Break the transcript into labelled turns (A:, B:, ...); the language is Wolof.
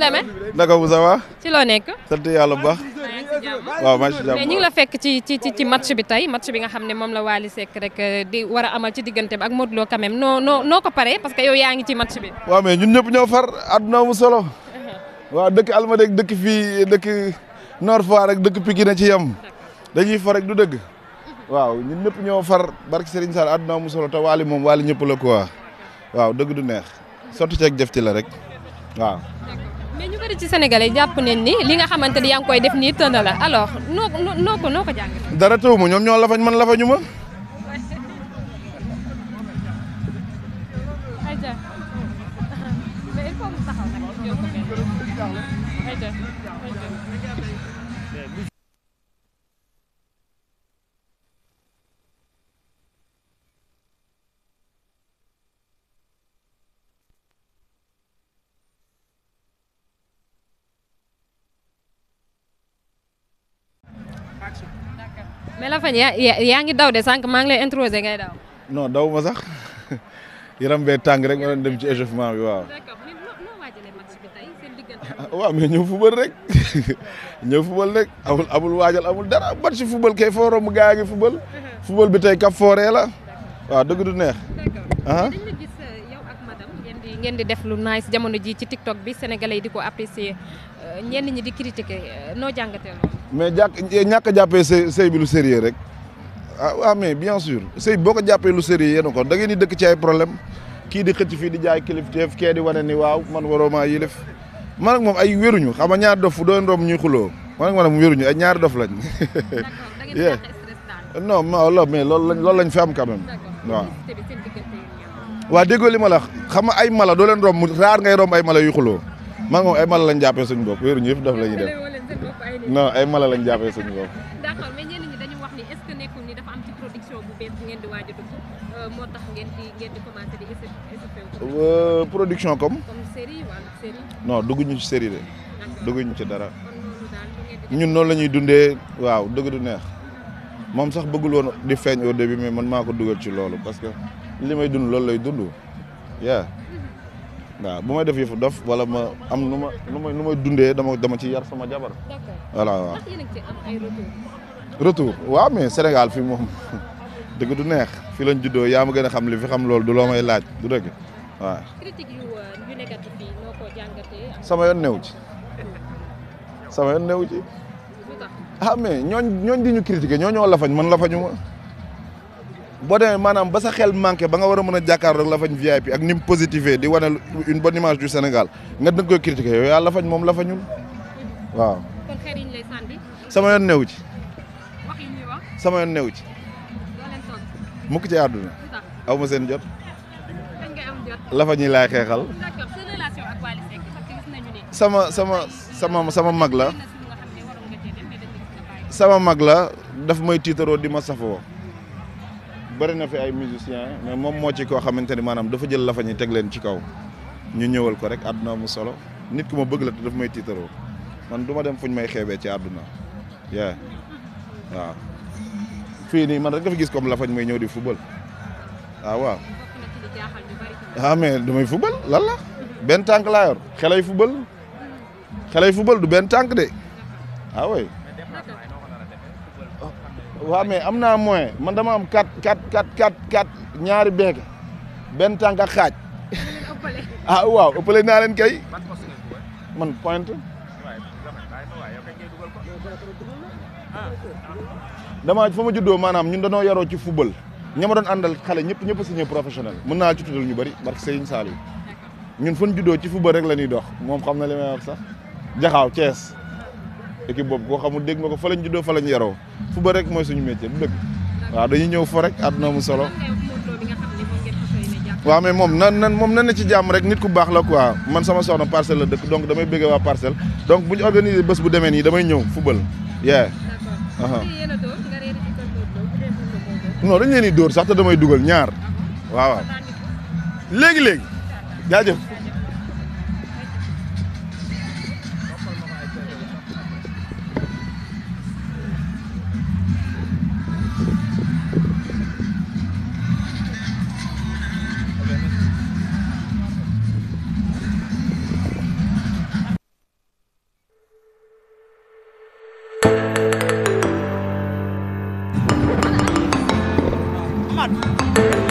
A: mu demee. naka bu ça va. ci loo nekk.
B: sant yàlla bu baax.
A: waaw maa ngi si jàmm mais ngi la fekk ci ci ci match bi tey match bi nga xam ne moom la Wally sekk rek euh, di war a amal ci diggante bi ak Modou Lo quand noo noo noo ko paree parce que yow yaa ngi ci match bi.
B: waaw mais ñun ñëpp ñoo far àdduna mu solo. Uh-huh. waaw dëkk Almadies ak dëkk fii dëkk Nord Foire ak dëkk Pikine ci yem. dañuy far rek du dëgg. Uh-huh. waaw ñun ñëpp ñoo far barki Serigne Sall àdduna mu solo te Wally moom Wally ñëpp la quoi waaw dëgg du neex sotti ceeg jëf la rek
A: bëri ci sénégalais jàpp nañ ni li nga xamante ni yaa ngi koy def nii tënd la alors noo noo ko noo ko jàng dara tëw ma mais la fañ yaa ngi daw de sànq maa ngi lay introsé ngay daw.
B: non daw ma sax yaram bee tàng rek ma doon dem ci échauffement bi waaw. waaw mais ñëw fubal rek ñëw fubal rek amul waajal amul dara bat si fubal kay foo romb ngi fubal. Uh-huh. fubal bi tey kap fooree la dëgg du neex. ah
A: ngeen di def lu nice jamono ji ci TikTok bi sénégalais yi di ko apprécier Euh, ñenn ñi di critiquer euh, noo jàngatee loolu.
B: mais jàkk eh, ñàkk a jàppee sëy sëy bi lu sérieux rek ah waaw ah, mais bien sûr sëy boo ko jàppee lu sérieux yéen ko da ngeen di dëkk ci ay problème kii di xëcc fii di jaay kilifteef kee di wane ni waaw man waroo maa yilif man ak moom ay wéruñu xam nga ñaar dof fu doon romb ñuy xuloo man ak maanaam wéruñu ay ñaar dof lañ. non non loolu loolu lañ loolu lañ fi am quand même waaw. li ma xam nga ay mala doo leen romb raar ngay romb ay mala yu xuloo man moom ay mala lañ jàppee suñu bopp wéeru ñu yëpp daf la ñuy def ay mala lañ jàppee suñu bopp. production bu bees comme. comme dugguñu ci série de. dugguñu ci dara. ñun noonu la ñuy dundee waaw dëgg du neex moom sax bëggul woon di feeñ au début mais man maa ko dugal ci loolu parce que li may dund loolu lay dund yaa waaw bu may def yëfu dof wala ma am nu ma nu ma nu may dundee dama dama ci yar sama jabar.
A: voilà waaw am ay retour.
B: retour waaw Sénégal fii moom dëgg du neex fi lañ juddoo yaa ma gën a xam li fi xam loolu du loo may laaj du dëgg waaw.
A: Euh, sama yoon newu
B: ci sama yoon newu ci. ah mais ñooñ ñooñ critiquer ñoo ñoo lafañ man lafañu ma. boo demee maanaam ba sa xel manqué ba nga war a mën a jàkkaarloog Lafagne VIP ak ni mu positifé di wane une bonne image du Sénégal nga danga koy critiqué yow yaa Lafagne moom Lafagnul waaw. kon xeer sama yoon newu ci. sama yoon newu ci. mukk ci àdduna. aw ma seen jot.
A: Lafagne yi laay xeexal. sama
B: sama sama sama mag la. sama mag la daf may tiitaroo di ma safoo. bari na fi ay musiciens mais moom moo ci koo xamante ni maanaam dafa jël lafañ yi teg leen ci kaw ñu ñëwal ko rek àdduna mu solo nit ku ma bëgg la te daf may tiitaroo man du dem fuñ may xeebee ci adduna yeah waaw fii nii man rek nga gis comme lafañ may ñëw di football ah waaw ah mais damay football lan la benn tànk laa yor xelay football du benn tànk de ah waaw mais am naa moyen man dama am quatre quatre quatre quatre quatre ñaari beeke benn tànk ak xaaj ah waaw ëppale naa leen kay man pointe dama fa ma juddoo maanaam ñun dañoo yaroo ci football ña ma doon àndal xale ñëpp ñëpp signé professionnel mën naa ci tuddal ñu bëri barke Serigne Saliou ñun fan juddoo ci football rek la ñuy dox moom xam na li may wax sax jaxaaw Thiès équipe boobu koo xamul dégg nga ko fa lañ juddoo fa lañ yaroo rek mooy suñu métier du dëgg waaw dañuy ñëw fa rek àdduna mu solo waaw mais moom nan nan moom nan na ci jàmm rek nit ku baax la quoi man sama soxna parcelle la dëkk donc damay bëgg waa parcelle donc bu ñu organiser bés bu demee nii damay ñëw football yeah uh-huh. non dañ ñeen i dóor sax te damay dugal ñaar uh-huh. waaw léegi léegi jaajëf
A: Amat.